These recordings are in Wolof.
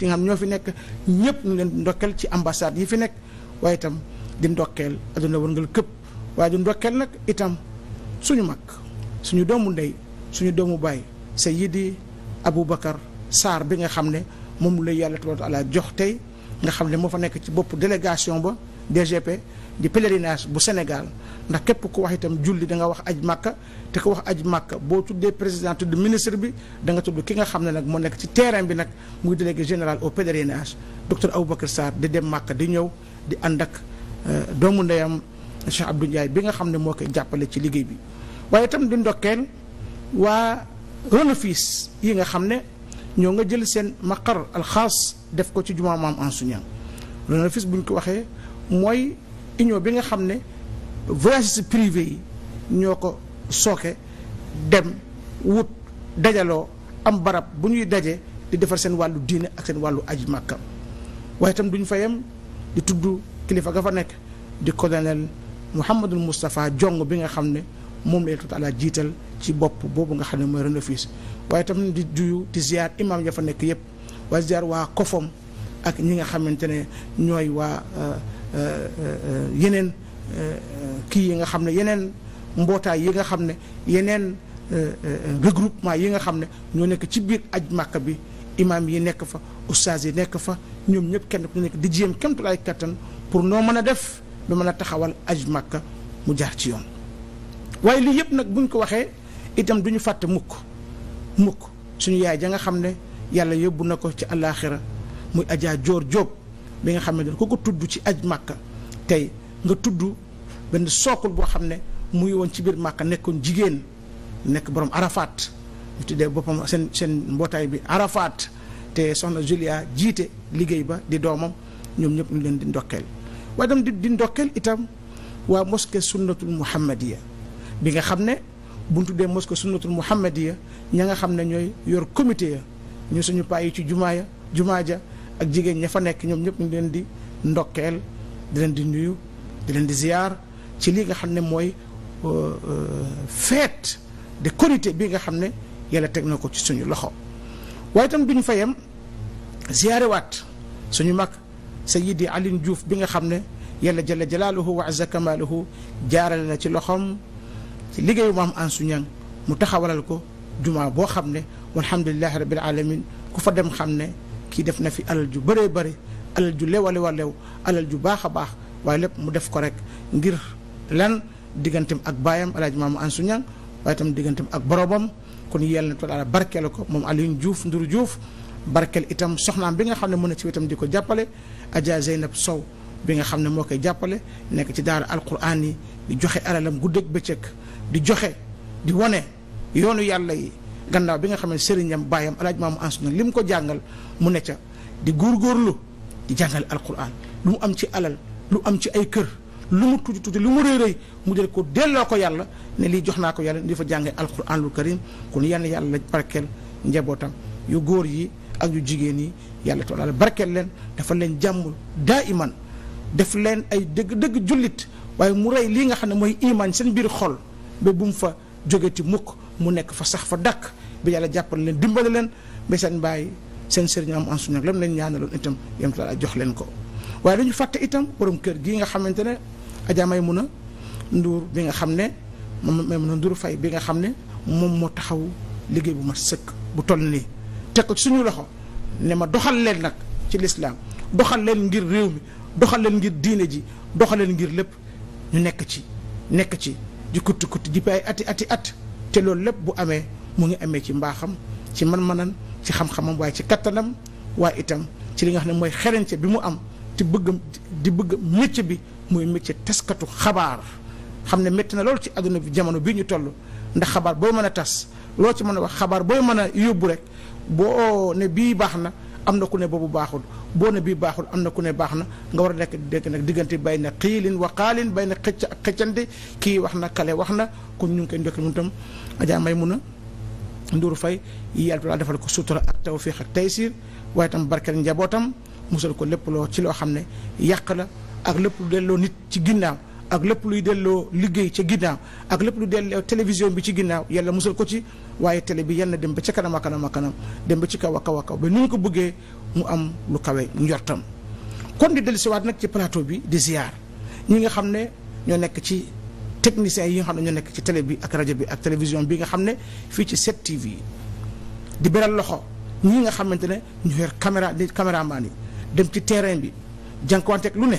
di nga xam ñoo fi nekk ñëpp ñu leen ndokkeel ci ambassade yi fi nekk waaye itam di ndokkeel adduna wërngal këpp waaye di ndokkeel nag itam suñu mag suñu doomu ndey suñu doomu baay abu bakar Sarr bi nga xam ne moom la yàlla tabaaraka wa taala jox tey nga xam ne moo fa nekk ci bopp délégation ba DGP di pèlerinage bu Sénégal ndax képp ku wax itam julli da nga wax aj màkk te ko wax aj màkk boo tuddee président tudd ministre bi danga nga tudd ki nga xam ne nag moo nekk ci terrain bi nag muy délégué général au pèlerinage docteur Aboubacar Sarr di dem màkka di ñëw di ànd ak euh, doomu ndeyam Cheikh Abdou Ndiaye bi nga xam ne moo koy jàppale ci liggéey bi waaye itam di ndokkeen waa Renafis yi nga xam ne ñoo nga jël seen maqar alxaas def ko ci jumaa maam Ansu buñ ko waxee mooy union bi nga xam ne voyagiste privé yi ñoo ko sooke dem wut dajaloo am barab bu ñuy daje di defar seen wàllu diine ak seen wàllu aji màkka waaye tam duñ fa yem di tudd kilifa ga fa nekk di colonel Mouhamadul Moustapha Jong bi nga xam ne moom la tout àla jiital ci bopp boobu nga xam ne mooy Renefis waaye tam di juyu di ziar imam ya fa nekk yëpp waaye ziar waa Kofom ak ñi nga xamante ne Euh, euh, euh, yeneen kii yi nga xam ne yeneen mbootaay yi nga xam ne yeneen regroupement yi nga xam ne ñoo nekk ci biir aj màkk bi imaam yi nekk fa ustaas yi nekk fa ñoom ñëpp kenn ku nekk di jéem kemtulaay kattan pour noo mën a def ba mën a taxawal aj màkk mu jaar ci yoon waaye lii yëpp nag buñ ko waxee itam duñu fàtte mukk mukk suñu yaay ja nga xam ne yàlla yóbbu na ko ci àllaaxira muy ajaa joor jóob bi nga xamante ne ku ko tudd ci aj màkka tey nga tudd benn sookul boo xam ne muy woon ci biir màkka nekkoon jigéen nekk borom Arafat ñu tuddee boppam seen seen mbootaay bi Arafat te soxna Julia jiite liggéey ba di doomam ñoom ñëpp ñu leen di ndokkeel waaye itam di di ndokkeel itam waa mosquée sunnatul muhammadiya bi nga xam ne bu ñu tuddee mosquée sunnatul muhammadiya ña nga xam ne ñooy yor comité ya ñu suñu paa yi ci jumaa ya jumaa ja ak jigéen ña fa nekk ñoom ñëpp ñu leen di ndokkeel di leen di nuyu di leen di ziyaar ci li nga xam ne mooy euh, euh, feet de korite bii nga xam ne yàlla teg na ko ci suñu loxo waaye tam duñu fa yem ziyaarewaat suñu mag Sayyidi Alioune juuf bi nga xam ne yàlla jalla jalaaluhu wa azza kamaaluhu jaarale na ci loxoom ci liggéeyu maam Ansu Ñang mu taxawalal ko jumaa boo xam ne walhamdulillahi rabbil alamin ku fa dem xam ne kii def na fi alal ju baree bëri alal ju lew a lew a alal ju baax a baax waaye lépp mu def ko rek ngir lan digganteem ak baayam alaaji maamu Ansu Ñaŋ waaye itam digganteem ak borobam kon yàlla na taala barkeelu ko moom Alioune juuf Nduru juuf barkeel itam soxnaam bi nga xam ne mën na ci wetam di ko jàppale Adja nag Sow bi nga xam ne moo koy jàppale nekk ci daara alquran yi di joxe alalam guddeeg bëccëg di joxe di wane yoonu yàlla yi gannaaw bi nga xam ne sëriñam baayam alaaj maamu ansuna li mu ko jàngal mu ne ca di góor góorlu di jàngale alquran lu mu am ci alal lu am ci ay kër lu mu tuuti tuuti lu mu rey rëy mu jël ko delloo ko yàlla ne lii jox naa ko yàlla di fa jàngee alquranul karim kon yal na yàlla njabootam yu góor yi ak yu jigéen yi yàlla taala barkeel leen dafa leen jàmm daa iman def leen ay dëgg dëgg jullit waaye mu rey lii nga xam ne mooy iman seen biir xol ba bu mu fa jóge ci mukk mu nekk fa sax fa dàkk bi yàlla jàppal leen dimbali leen ba seen bàyyi seen sëriñ am ansu lam lañ ñaanaloon itam yam taala jox leen ko waaye dañu fàtte itam borom kër gii nga xamante ne Adja Maymuna Ndour bi nga xam ne moom Maymuna Ndour Faye bi nga xam ne moom moo taxaw liggéey bu ma sëkk bu toll nii teg ko suñu loxo ne doxal leen nag ci lislaam doxal leen ngir réew mi doxal leen ngir diine ji doxal ngir lépp ñu nekk ci nekk ci di kutti kutti ji ay ati ati at te loolu lépp bu amee mu ngi amee ci mbaaxam ci man-manan ci xam-xamam waaye ci kattanam waaye itam ci li nga xam ne mooy xereñte bi mu am te bëgg di bëgg métier bi muy métier taskatu xabaar xam ne métti na loolu ci àdduna bi jamono bii ñu toll ndax xabaar booy mën a tas loo ci mën a wax xabaar booy mën a yóbbu rek boo ne bii baax na am na ku ne boobu baaxul boo ne bii baaxul am na ku ne baax na nga war a nekk dégg nag diggante bay na xiilin wa xaalin bay na xëcc ak xëccante kii wax na kale wax na kon ñu ngi koy ndokkee mu tam Adja may mun a Ndour Faye yàlla daal defal ko sutura ak tawfiix ak taysiir waaye tam barkeel njabootam musal ko lépp loo ci loo xam ne yàq la ak lépp lu delloo nit ci ginnaaw ak lépp luy delloo liggéey ci ginnaaw ak lépp lu delloo télévision bi ci ginnaaw yàlla musal ko ci waaye télé bi yal dem ba ca kanam a kanam dem ba ci kaw a kaw a kaw ba ni ñu ko bëggee mu am lu kawe njortam kon di dellusiwaat nag ci plateau bi di ziar ñi nga xam ne ñoo nekk ci techniciens yi nga xam ne ñoo nekk ci télé bi ak rajo bi ak télévision bi nga xam ne fii ci 7TV di beral loxo ñi nga xamante ne ñu yor caméra di caméraman yi dem ci terrain bi jànkuwanteeg lu ne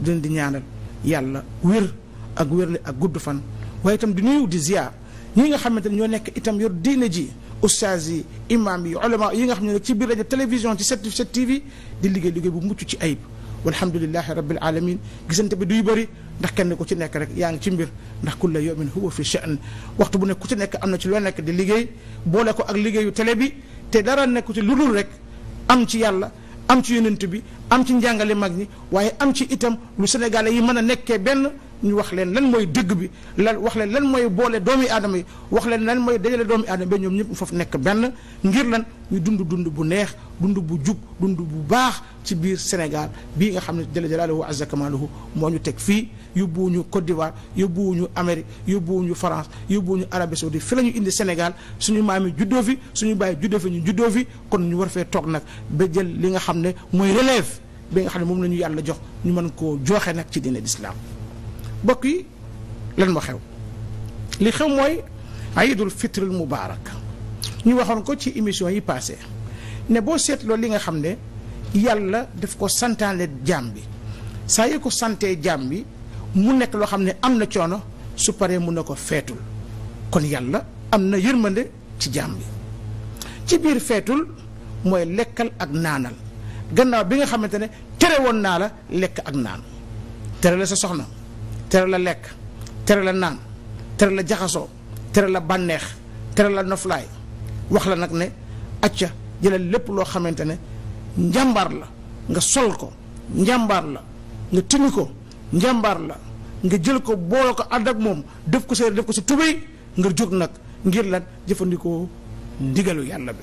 dinañ di ñaanal yàlla wér ak wérle ak gudd fan waaye itam di nuyu di ziar. ñi nga xamante ne ñoo nekk itam yor diine ji ustaas yi imaam yi ulama yi nga xam ne ci biir rajo télévision ci 7 TV di liggéey liggéey bu mucc ci ayib walhamdulilahi rabbil alamin gisante bi duy bëri ndax kenn ku ci nekk rek yaa ngi ci mbir ndax kulla yawmin huwa fi sha'n waxtu bu nekk ku ci nekk am na ci loo nekk di liggéey boole ko ak liggéeyu télé bi te dara nekku ci lu dul rek am ci yàlla am ci yonent bi am ci njàngale mag ñi waaye am ci itam lu sénégalais yi mën a nekkee benn ñu wax leen lan mooy dëgg bi lan wax leen lan mooy boole doomi aadama yi wax leen lan mooy dajale doomi aadama be ñoom ñëpp foofu nekk benn ngir lan ñu dund dund bu neex dund bu jug dund bu baax ci biir Sénégal bii nga xam ne jalla jalaaluhu azza kamaaluhu moo ñu teg fii yóbbuwuñu Côte d'Ivoire yóbbuwuñu Amérique yóbbuwuñu France ñu Arabie Saoudite fi la ñu indi Sénégal suñu maam yi juddoo fi suñu baay juddoo fi ñu juddoo fi kon ñu war fee toog nag ba jël li nga xam ne mooy relève bi nga xam ne moom la ñu yàlla jox ñu mën koo joxe nag ci diine bokk yi lan ma xew li xew mooy ay ayidul fitril mubaarak ñu waxoon ko ci émission yi passé ne boo seetloo li nga xam ne yàlla daf ko santaale jaam bi saa yu ko santee jaam bi mu nekk loo xam ne am na coono su paree mun na ko feetul kon yàlla am na yërmande ci jaam bi ci biir feetul mooy lekkal ak naanal gannaaw bi nga xamante ne tere woon naa la lekk ak naan tere la sa soxna tere la lekk tere la naan tere la jaxasoo tera la bànneex tere la noflaay wax la nag ne acca jëlal lépp loo xamante ne njàmbaar la nga sol ko njàmbaar la nga tini ko njàmbaar la nga jël ko boole ko ànd moom def ko sa def ko tubéy nga jóg nag ngir la jëfandikoo ndigalu yàlla bi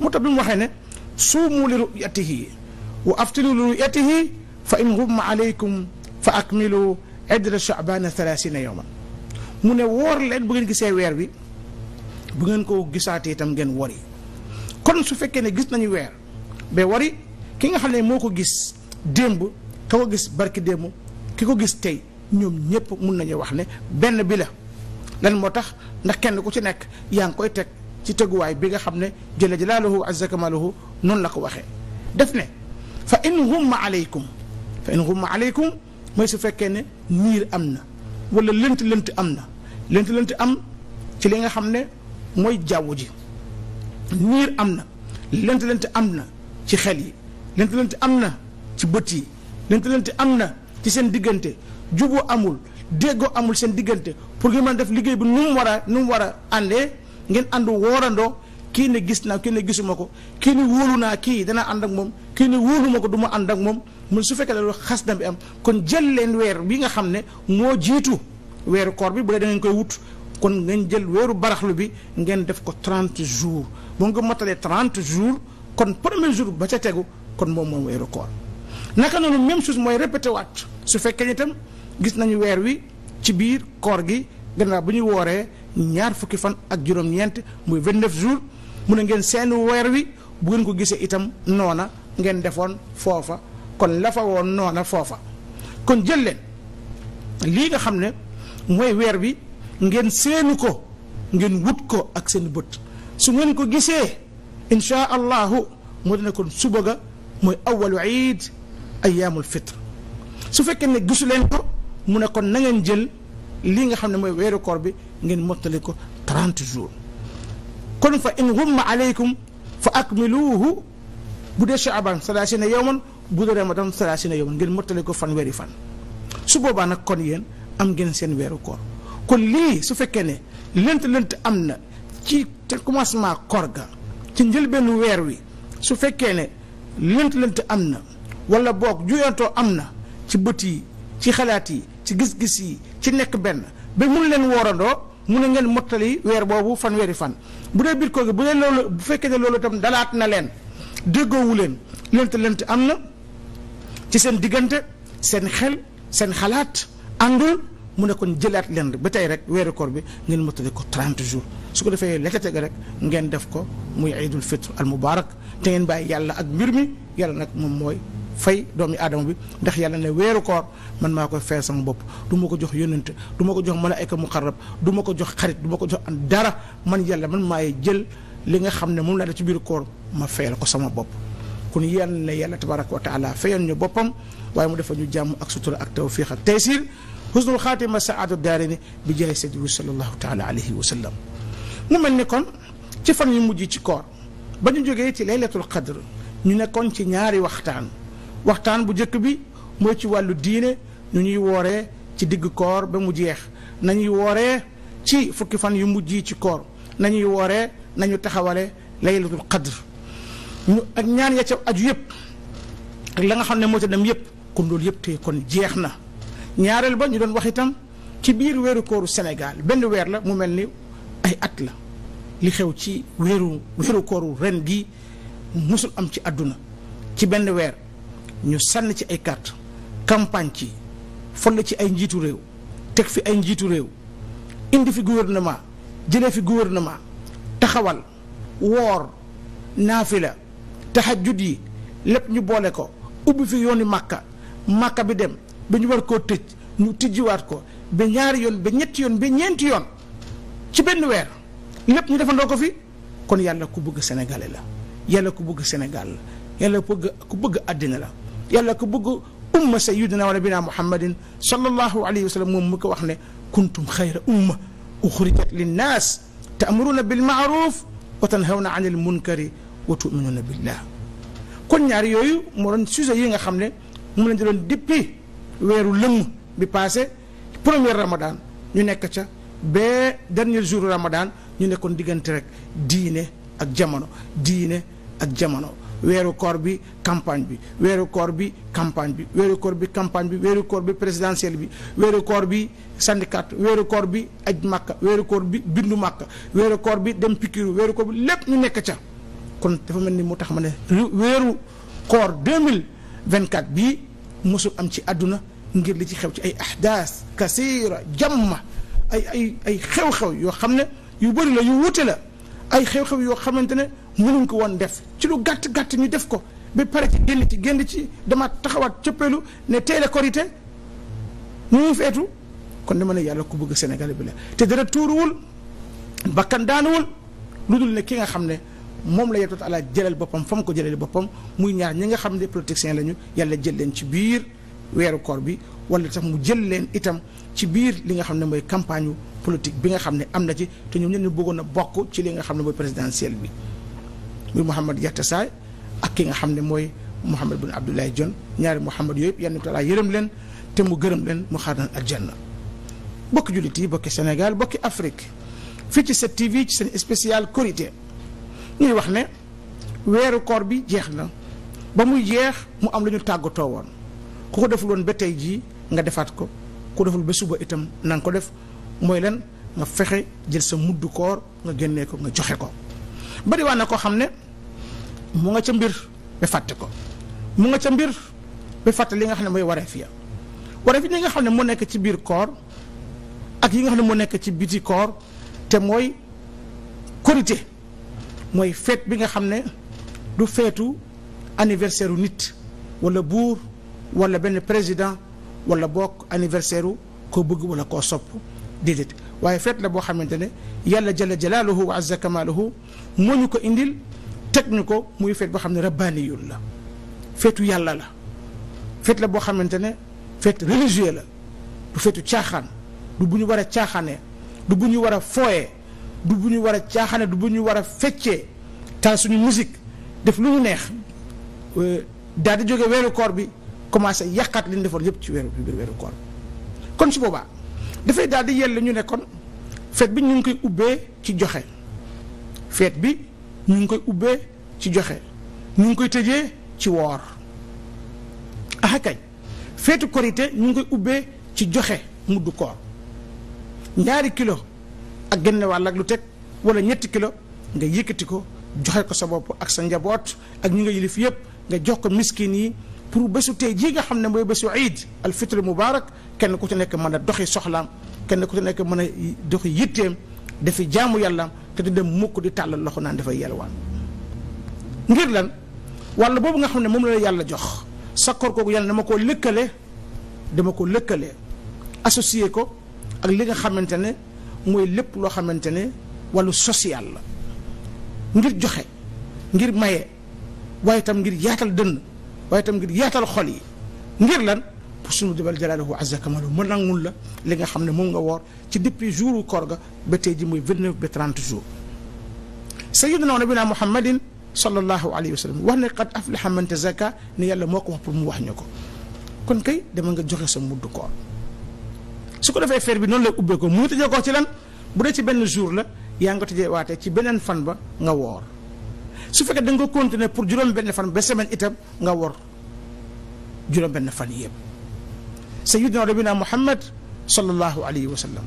moo tax bi mu waxee ne suumu li ru'yatihi wa aftinu li ru'yatihi fa in ghumma alaykum fa akmilu addira chaabana thalathina yowman mu ne woor leen bu ngeen gisee weer wi bu ngeen ko gisaatee itam ngeen wori kon su fekkee ne gis nañu weer ba wari ki nga xam ne moo ko gis démb ka ko gis barki démb ki ko gis tey ñoom ñëpp mun nañu wax ne benn bi la lan moo tax ndax kenn ku ci nekk yaa ngi koy teg ci teguwaay bi nga xam ne jëla jalaaluhu azza kamaaluhu noonu la ko waxee def ne fa in humma aleykum fa in humma aleykum mooy su fekkee ne niir am na wala lënt lënt am na lënt lënt am ci li nga xam ne mooy jaww ji niir am na lënt lënt am na ci xel yi lënt lënt am na ci bët yi lënt lënt am na ci seen diggante juboo amul déggoo amul seen diggante pour ngeen mën def liggéey bi nu mu war a nu mu war a àndee ngeen ànd woorandoo kii ne gis naa kii ne gisuma ko kii ne wóolu naa kii danaa ànd ak moom kii ne wóolu ko du ma ànd ak moom mun su fekkee loolu xas na bi am kon jël leen weer bi nga xam ne moo jiitu weeru koor bi bu dee da koy wut kon ngeen jël weeru baraxlu bi ngeen def ko 30 jours bu nga motalee 30 jours kon premier jour ba ca tegu kon moom moom weeru koor naka noonu même chose mooy répété waat su fekkee ni itam gis nañu weer wi ci biir koor gi gannaaw bu ñuy wooree ñaar fukki fan ak juróom-ñeent muy 29 jours mu ne ngeen seen weer wi bu ngeen ko gisee itam noona ngeen defoon foofa. kon la fa woon noona foofa kon jël leen lii nga xam ne mooy weer bi ngeen seeni ko ngeen wut ko ak seeni bët su ngeen ko gisee inchaa allahu moo dina kon suba ga mooy awalu iid ayaamul fitre su fekkee ne gisu leen ko mu ne kon na ngeen jël lii nga xam ne mooy weeru koor bi ngeen mottali ko 30 jours kon fa in gumma aleykum fa akmiluuhu bu dee chaabaan salaasina yowman bu dee ramadan salaasina yawman ngeen mottale ko fanweeri fan su boobaa nag kon yéen am ngeen seen weeru koor kon lii su fekkee ne lënt lënt am na ci te commencement koor ga ci njëlbeenu weer wi su fekkee ne lënt lënt am na wala boog juyantoo am na ci bët yi ci xalaat yi ci gis-gis yi ci nekk benn ba mun leen woorandoo mu ne ngeen mottali weer boobu weeri fan bu dee biir koo gi bu dee loolu bu fekkee ne loolu tam dalaat na leen déggoowu leen lënt lënt am na ci seen diggante seen xel seen xalaat àndul mu ne kon jëlaat leen ba tey rek weeru koor bi ngeen ma tudde ko 30 jours su ko defee lekkate ga rek ngeen def ko muy iidul fitre al mubarak te ngeen bàyyi yàlla ak mbir mi yàlla nag moom mooy fay doomi aadama bi ndax yàlla ne weeru koor man maa koy fayal sama bopp du ma ko jox yónnante du ma ko jox malaayka muqarrab du ma ko jox xarit du ma ko jox am dara man yàlla man maay jël li nga xam ne moom laa def ci biir koor ma fayal ko sama bopp kon yal na yàlla tabaraka wa taala fayan ñu boppam waaye mu defal ñu jàmm ak sutura ak tawfiq ak taysir husnul xaatima saadu daarini bi jaay seydi bi sallallahu taala alayhi wa sallam mu mel ni kon ci fan yu mujj ci koor ba ñu jógee ci laylatul qadr ñu nekkoon ci ñaari waxtaan waxtaan bu njëkk bi mooy ci wàllu diine ñu ñuy wooree ci digg koor ba mu jeex nañuy wooree ci fukki fan yu mujj ci koor na ñuy wooree nañu taxawale laylatul qadr ñu ak ñaan ya ca aju yëpp ak la nga xam ne moo ca dem yëpp kon loolu yëpp tey kon jeex na ñaareel ba ñu doon wax itam ci biir weeru kooru Sénégal benn weer la mu mel ni ay at la li xew ci weeru weeru kooru ren gi musul am ci àdduna ci benn weer ñu sànn ci ay carte campagne ci fol ci ay njiitu réew teg fi ay njiitu réew indi fi gouvernement jëlee fi gouvernement taxawal woor naafila tahajjud yi lépp ñu boole ko ubbi fi yooni màkka màkka bi dem ba ñu war ko tëj ñu tijjiwaat ko ba ñaari yoon ba ñetti yoon ba ñeenti yoon ci benn weer lépp ñu defandoo ko fi kon yàlla ku bëgg sénégalais la yàlla ku bëgg sénégal la yàlla ku bëgg ku àddina la yàlla ku bëgg umma sayyidina wa nabina muhammadin sallallahu alayhi wa sallam moom mu ko wax ne kuntum xayra umma uxrijat linnaas ta'muruna bilmaaruf wa tanhawna an almunkari wa tu'minuuna billah kon ñaar yooyu moo doon sujet yi nga xam ne mu lañ doon depuis weeru lëmm bi passé premier ramadan ñu nekk ca ba dernier jour ramadan ñu nekkoon diggante rek diine ak jamono diine ak jamono weeru koor bi campagne bi weeru koor bi campagne bi weeru koor bi campagne bi weeru koor bi présidentielle bi weeru koor bi syndicat weeru bi aj màkka weeru koor bi bindu màkka weeru koor bi dem pikiru weeru koor bi lépp ñu nekk ca kon dafa mel ni moo tax ma ne weeru koor deux mille vingt quatre bii mosul am ci àdduna ngir li ci xew ci ay ahdaas kasiira jamma ay ay ay xew-xew yoo xam ne yu bëri la yu wute la ay xew-xew yoo xamante ne mënuñ ko woon def ci lu gàtt gàtt ñu def ko ba pare ci génn ci génn ci dama taxawaat cëppeelu ne teel a korité ñu ngi feetu kon dama ne yàlla ku bëgg Sénégal bi la te dara tuuruwul bakkan daanuwul lu dul ne ki nga xam ne. moom la yàlla toog àlla jëlal boppam fa mu ko jëlale boppam muy ñaar ñi nga xam ne politiciens lañu yàlla jël leen ci biir weeru koor bi wala sax mu jël leen itam ci biir li nga xam ne mooy campagne politique bi nga xam ne am na ci te ñoom ñenn ñu bëggoon na bokk ci li nga xam ne mooy présidentielle bi muy Mouhamed Yatta Sy ak ki nga xam ne mooy Mouhamed bin Abdoulaye Dione ñaari Mouhamed yooyu yëpp yàlla taala yërëm leen te mu gërëm leen mu xaar aljanna bokki jullit yi bokki Sénégal bokki Afrique fii ci ci seen spécial Korité ñuy wax ne weeru koor bi jeex na ba muy jeex mu am lu ñu tàggatoo woon ku ko deful woon ba tey jii nga defaat ko ku deful ba suba itam nanga ko def mooy lan nga fexe jël sa mudd koor nga génnee ko nga joxe ko bari waa na koo xam ne mu nga ca mbir ba fàtte ko mu nga ca mbir ba fàtte li nga xam ne mooy wareef ya wareef yi nga xam ne moo nekk ci biir koor ak yi nga xam ne moo nekk ci biti koor te mooy korité mooy fête bi nga xam ne du feetu anniversaire u nit wala buur wala benn président wala bokk anniversaire u koo bëgg wala koo sopp déedéet waaye feet la boo xamante ne yàlla jalla jalaaluhu wa azza kamaaluhu moo ñu ko indil teg ñu ko muy feet boo xam ne rabbaaniyul la feetu yàlla la feet la boo xamante ne feet religieux la du feetu caaxaan du bu ñu war a caaxaanee du bu ñu war a fooyee du bu ñu war a caaxaane du bu ñu war a feccee taal suñu musique def lu ñu neex euh, daal di jóge weeru koor bi commencé yàqaat li defoon yëpp ci weeru biir koor bi kon su boobaa dafay daal di yell ñu ne kon feet bi ñu ngi koy ubbee ci joxe feet bi ñu ngi koy ubbee ci joxe ñu ngi koy tëjee ci woor ah kañ korité ñu ngi koy ubbee ci joxe muddu koor ñaari kilo ak genn wàll ak lu teg wala ñetti kilo nga yëkkati ko joxe ko sa bopp ak sa njaboot ak ñu nga yilif yëpp nga jox ko miskin yi pour bésu tey jii nga xam ne mooy bésu iid al fitr mubarak kenn ku ci nekk mën a doxi soxlaam kenn ku ci nekk mën a doxi yitteem dafi jaamu yàllaam te di dem mukk di tàllal loxo naan dafay yelwaan ngir lan wàll boobu nga xam ne moom la yàlla jox sa koor kooku yàlla dama ko lëkkale dama ko lëkkale associé ko ak li nga xamante ne mooy lépp loo xamante ne wàllu social la ngir joxe ngir maye waaye itam ngir yaatal dënn waaye itam ngir yaatal xol yi ngir lan pour sunu jëbal jalaaluhu azza kamalu mën nangul la li nga xam ne moom nga woor ci depuis jour koor ga ba tey ji muy vingt-neuf ba trente jours sayyidina nabina muhammadin sallallahu alayhi wa sallam wax ne qad aflaha man tazakka ne yàlla moo ko wax pour mu wax ñu ko kon kay dama nga joxe sa mudd koor su ko defee fer bi noonu lay ubbee ko mu tëjee ko ci lan bu dee ci benn jour la yaa ngi ko tëjee waatee ci beneen fan ba nga woor su fekkee da nga ko continuer pour juróom benn fan ba semaine itam nga woor juróom benn fan yëpp sayyidina rabina muhammad sallallahu alayhi wa sallam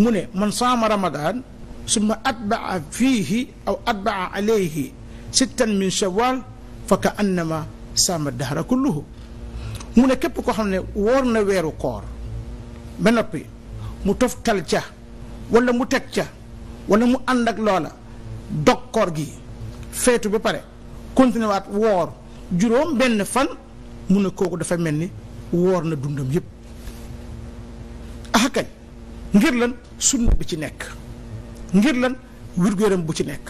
mu ne man saama ramadan summa atbaa fiihi aw atbaa alayhi sittan min shawal fa ka annama saama dahra kulluhu mu ne képp koo xam ne woor na weeru koor ba noppi mu toftal ca walla mu teg ca wala mu ànd ak loola dog gi feetu ba pare continuwaat woor juróom benn fan mu ne kooku dafa mel ni woor na dundam yëpp axakañ ngir lan sunna bi ci nekk ngir lan wér bu ci nekk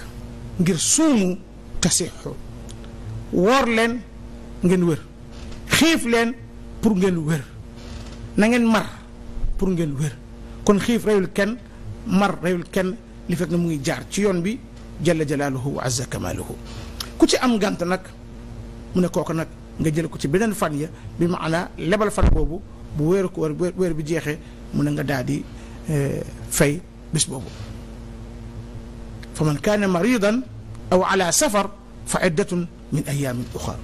ngir suumu tasixu woor leen ngeen wér xiif leen pour ngeen wér na mar pour ngeen wér kon xiif reyul kenn mar reyul kenn li fekk na mu ngi jaar ci yoon bi jalla jalaaluhu wa azza kamaaluhu ku ci am gànt nag mu ne kooku nag nga jël ko ci beneen fan ya bi maanaa lebal fan boobu bu wéeru ko wéer wéer bi jeexee mu ne nga daal di eh, fay bés boobu fa man kaana maridan aw ala safar fa iddatun min ayaamin uxar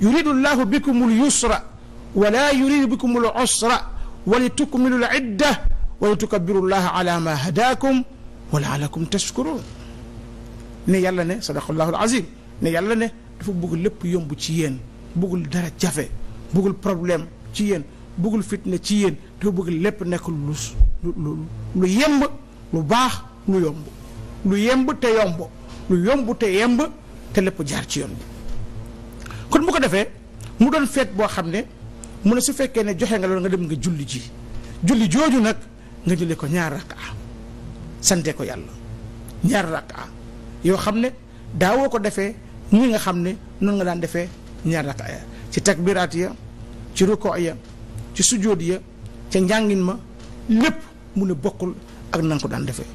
yuridu llahu bikum al yusra wala yuridu bikum al usra wali tukmilu l idda wali tukabbiru llaha ala ma hadakum wa laalakum tashkurun ne yàlla ne sadaqallahu alazim ne yàlla ne dafa bëgg lépp yomb ci yéen bëggul dara jafe bëggul problème ci yéen bëggul fitna ci yéen dafa bëgg lépp nekk lu lu yemb lu baax lu yomb lu yemb te yomb lu yomb te yemb te lépp jaar ci yoon kon bu ko defee mu doon feet boo xam ne mu ne su fekkee ne joxe nga loolu nga dem nga julli ji julli jooju nag nga julli ko ñaar rakka sante ko yàlla ñaar rakka yoo xam ne daawoo ko defee ñi nga xam ne noonu nga daan defee ñaar rakka ya ci takbiraat ya ci ruko ya ci sujjóot ya ca njàngin ma lépp mu ne bokkul ak na ko daan defee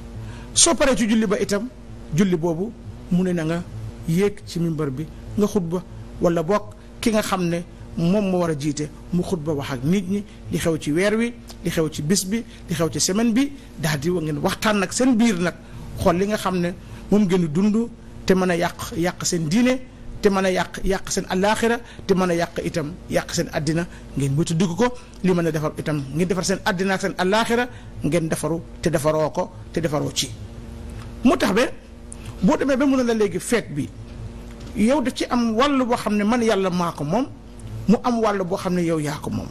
soo paree ci julli ba itam julli boobu mu ne na nga yéeg ci mimbar bi nga xutba walla bokk ki nga xam ne moom moo war a jiite mu ba wax ak nit ñi li xew ci weer wi li xew ci bis bi li xew ci semaine bi daal di ngeen waxtaan nag seen biir nag xool li nga xam ne moom gën a dund te mën a yàq yàq seen diine te mën a yàq yàq seen alaaxira te mën a yàq itam yàq seen àddina ngeen wëtu dugg ko li mën a defar itam ngeen defar seen àddina ak seen alaaxira ngeen defaru te defaroo ko te defaroo ci moo tax ba boo demee ba mën na la léegi feet bi yow daf ci am wàll boo xam ne man yàlla maa ko moom mu am wàll boo xam ne yow yaa ko moom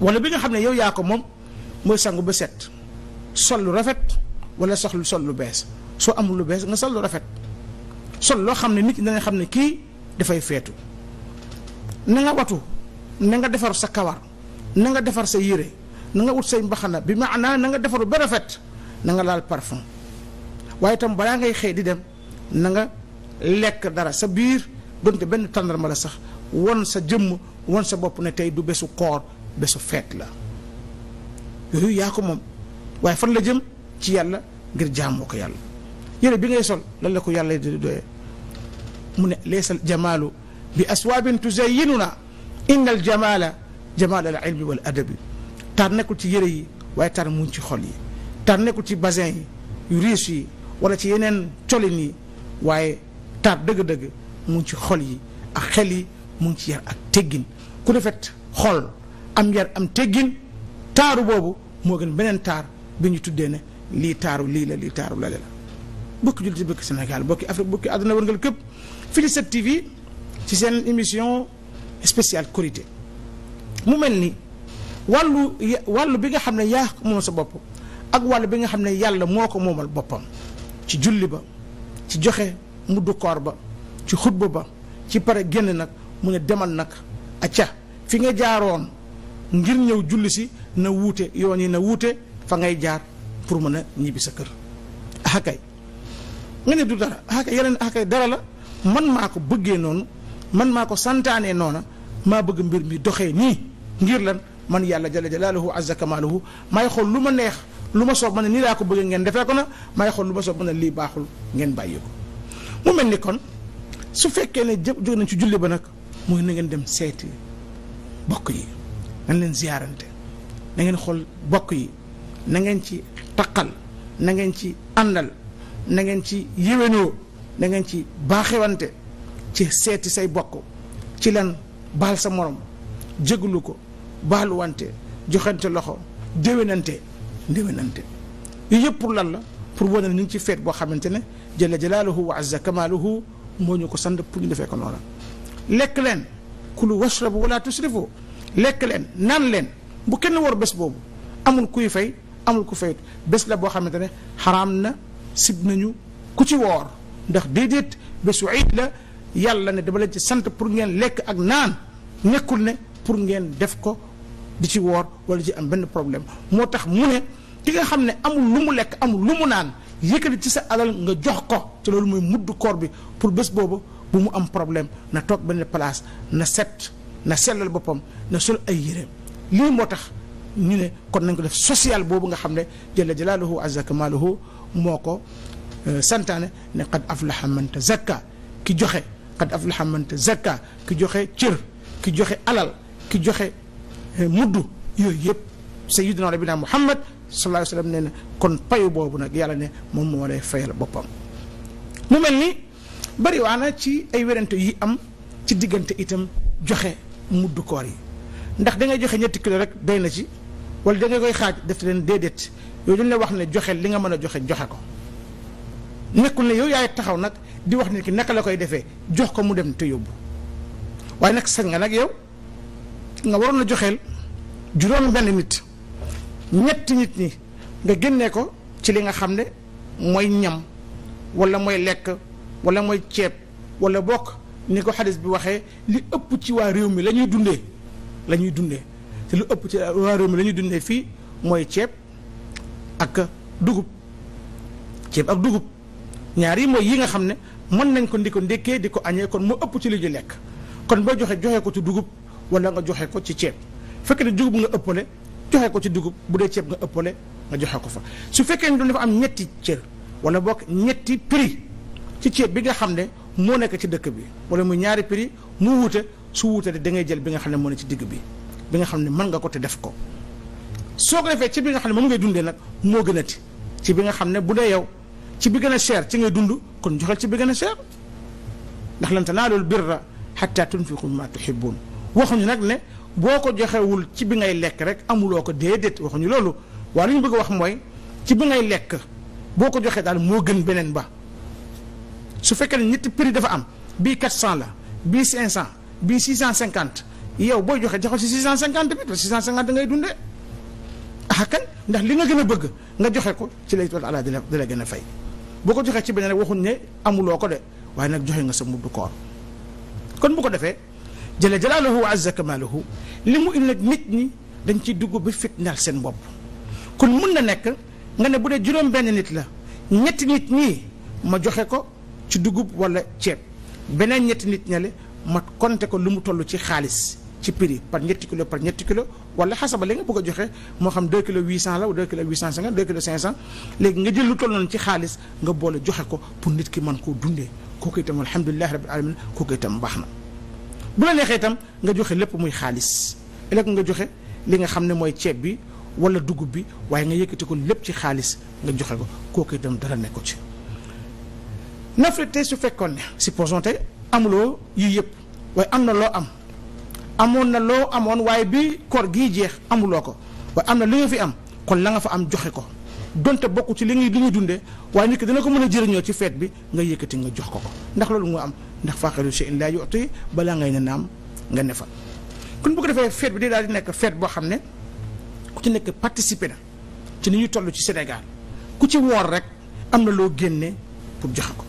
wala bi nga xam ne yow yaa ko moom mooy sangu ba set sol lu rafet wala soxlu sol lu bees soo amul lu bees nga sol lu rafet sol loo xam ne nit ñi danga xam ne kii dafay feetu na nga watu na nga defar sa kawar na nga defar sa yére na nga ut say mbaxana bi maanaa na nga defaru ba rafet na nga laal parfom waaye tam balaa ngay xëy di dem na nga lekk dara sa biir donte benn tàndarma la sax won sa jëmm won sa bopp ne tey du bésu koor bésu feet la yooyu yaa ko moom waaye fan la jëm ci yàlla ngir jaamoo ko yàlla yére bi ngay sol lan la ko yàlla di doyee mu ne leesal jamaalu bi aswaabin tuzayyinuna innal jamaala jamaal al ilmi wal adabi taar nekkul ci yére yi waaye taar mu ci xol yi taar nekkul ci basin yi yu riis yi wala ci yeneen colin yi waaye taar dëgg-dëgg mu ci xol yi ak xel yi mu ci yar ak teggin ku xool am yar am teggin taaru boobu moo gën beneen taar bi ñu tuddee ne lii taaru lii la lii taaru lale la bokki jullit bokki Sénégal bokki Afrique bokki àdduna wërngal képp fii ci 7TV ci seen émission spéciale Korité mu mel ni wàllu wàllu bi nga xam ne yaa moom sa bopp ak wàllu bi nga xam ne yàlla moo ko moomal boppam ci julli ba ci joxe muddu koor ba ci xutba ba ci pare génn nag mu ne demal nag acca fi nga jaaroon ngir ñëw julli si na wuute yoon yi na wuute fa ngay jaar pour mën a ñibbi sa kër axakay ah, nga ne du dara axakay ah, yeneen axakay ah, dara la man maa ko bëggee noonu man maa ko santaanee noona maa bëgg mbir mi doxee nii ngir lan man yàlla jalla jalaaluhu azza kamaaluhu may xool lu ma neex lu ma soob ma ne nii laa ko bëggee ngeen defee ko na may xool lu ma soob ma ne lii baaxul ngeen bàyyi ko mu mel ni kon su fekkee ne jë jóg nañ ci julli ba nag mooy na ngeen dem seeti bokk yi na leen ziyaarante na ngeen xool bokk yi na ngeen ci taqal na ngeen ci àndal na ngeen ci yéwénoo na ngeen ci baaxewante ci seeti say bokk ci lan baal sa morom jéglu ko baaluwante joxante loxo déwénante déwénante yooyu yëpp pour lan la pour boo ne ñu ngi ci feet boo xamante ne jalla jalaaluhu wa azza kamaaluhu moo ñu ko sant pour ñu defee ko noonu lekk leen kulu washrabu wala tusrifu lekk leen naan leen bu kenn war bés boobu amul kuy fay amul ku fayut bés la boo xam ne xaraam na sib nañu ku ci woor ndax déedéet bésu iid la yàlla ne dama leen ci sant pour ngeen lekk ak naan nekkul ne pour ngeen def ko di ci woor wala ci am benn problème moo tax mu ne ki nga xam ne amul lu mu lekk amul lu mu naan yëkkati ci sa alal nga jox ko te loolu mooy mudd koor bi pour bés boobu bu mu am problème na toog benn place na set na sellal boppam na sol ay yéreem lii moo tax ñu ne kon nañ ko def social boobu nga xam ne jalla jalaaluhu azza kamaaluhu moo ko euh, santaane ne qad aflaha man tazakka ki joxe qad aflaha man tazakka ki joxe cër ki joxe alal ki joxe euh, muddu yooyu yëpp sayyidina rabbina muhammad sallallahu alayhi wa sallam ne na kon payu boobu nag yàlla ne moom moo lay fayal boppam mu mel ni bari waana ci ay wérante yi am ci diggante itam joxe mudd koor yi ndax da joxe ñetti kilo rek doy na ci wala da koy xaaj def leen déedéet yow dañ la wax ne joxe li nga mën a joxe joxe ko nekkul ne yow yaay taxaw nag di wax nit naka la koy defee jox ko mu dem te yóbbu waaye nag sañ nga nag yow nga waroon a joxeel juróom benn nit ñetti nit ñi nga génnee ko ci li nga xam ne mooy ñam wala mooy lekk wala mooy ceeb wala bokk ni ko xalis bi waxee li ëpp ci waa réew mi lañuy dundee lañuy ñuy dundee te lu ëpp ci waa réew mi lañuy dundee fii mooy ceeb ak dugub ceeb ak dugub ñaar yi mooy yi nga xam ne mën nañ ko ndi ko ndékkee di ko añee kon moo ëpp ci li ñu lekk kon boo joxe joxe ko ci dugub wala nga joxe ko ci ceeb fekkee ne dugub nga ëppale joxe ko ci dugub bu dee ceeb nga ëppale nga joxe ko fa su fekkee ne dafa am ñetti cër wala bokk ñetti prix ci ceeb bi nga xam ne moo nekk ci dëkk bi wala muy ñaari prix mu wuute su wuutee da ngay jël bi nga xam ne moo ne ci digg bi bi nga xam ne mën nga ko te def ko soo ko defee ci bi nga xam ne moom ngay dundee nag moo gën a ti ci bi nga xam ne bu dee yow ci bi gën a cher ci ngay dund kon joxal ci bi gën a cher ndax lan tanaalul birra hatta tunfiqu mimma tuhibbun waxuñu nag ne boo ko joxewul ci bi ngay lekk rek amuloo ko déedéet waxuñu loolu waaye li ñu bëgg a wax mooy ci bi ngay lekk boo ko joxee daal moo gën beneen ba su fekkee ne ñetti prix dafa am bii cent la bii 500 bii cinquante yow booy joxee joxe si 650 bi te 650 ngay dundee ah kañ ndax li nga gën a bëgg nga joxe ko ci lay toll ala dina dina gën a fay boo ko joxee ci beneen waxuñ ne amuloo ko de waaye nag joxe nga sa muddu koor kon bu ko defee jële jalaaluhu wa azza kamaaluhu li mu indi nag nit ñi dañ ciy dugg ba fitnaal seen bopp kon mun na nekk nga ne bu dee juróom benn nit la ñetti nit ñii ma joxe ko. ci dugub wala ceeb beneen ñetti nit ñale ma compter ko lu mu toll ci xaalis ci prix par ñetti kilo par ñetti kilo wala xasaba li nga bëgg a joxe moo xam 2 kilos 800 la ou 2 kilos 850 2 kilos cent léegi nga jël lu toll noonu ci xaalis nga boole joxe ko pour nit ki mën koo dundee kooku itam alhamdulilahi rabbil alamin kooku itam baax na. bu la neexee itam nga joxe lépp muy xaalis léegi nga joxe li nga xam ne mooy ceeb bi wala dugub bi waaye nga yëkkati ko lépp ci xaalis nga joxe ko kooku itam dara nekk ci. nafret tey su fekkoon ne supposons tey amuloo yii yëpp waaye am na loo am amoon na loo amoon waaye bi koor gi jeex amuloo ko waaye am na lu nga fi am kon la nga fa am joxe ko donte bokk ci li ngi li ñuy dundee waaye nit ki dina ko mën a jëriñoo ci feet bi nga yëkkati nga jox ko ko ndax loolu moo am ndax faaqidu shay'in laa yu'ti balaa ngay ne naam nga ne fa kon bu ko defee feet bi de daal di nekk feet boo xam ne ku ci nekk participer na ci ni ñuy toll ci Sénégal ku ci woor rek am na loo génne pour joxe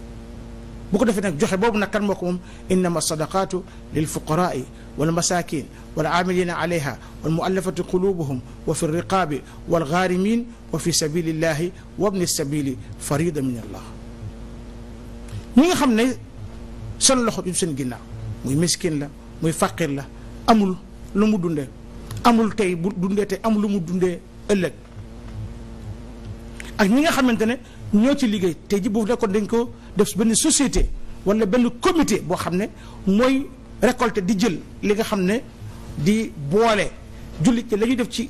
bu ko defee nag joxe boobu nag kan moo ko moom innama sadaqatu lil fuqaraai wal masakin wal amilina alayha wal muallafati qulubuhum wa fi riqaabi wal gaarimin wa fi sabilillahi wa bni sabili farida min allah ñi nga xam ne seen loxo jub seen ginnaaw muy miskin la muy faqir la amul lu mu dundee amul tey bu dundee tey amul lu mu dundee ëllëg ak ñi nga xamante ne ñoo ci liggéey tey ji boobu nekkoon dañ ko def benn société wala benn comité boo xam ne mooy récolter di jël li nga xam ne di boole jullit ñi la ñuy def ci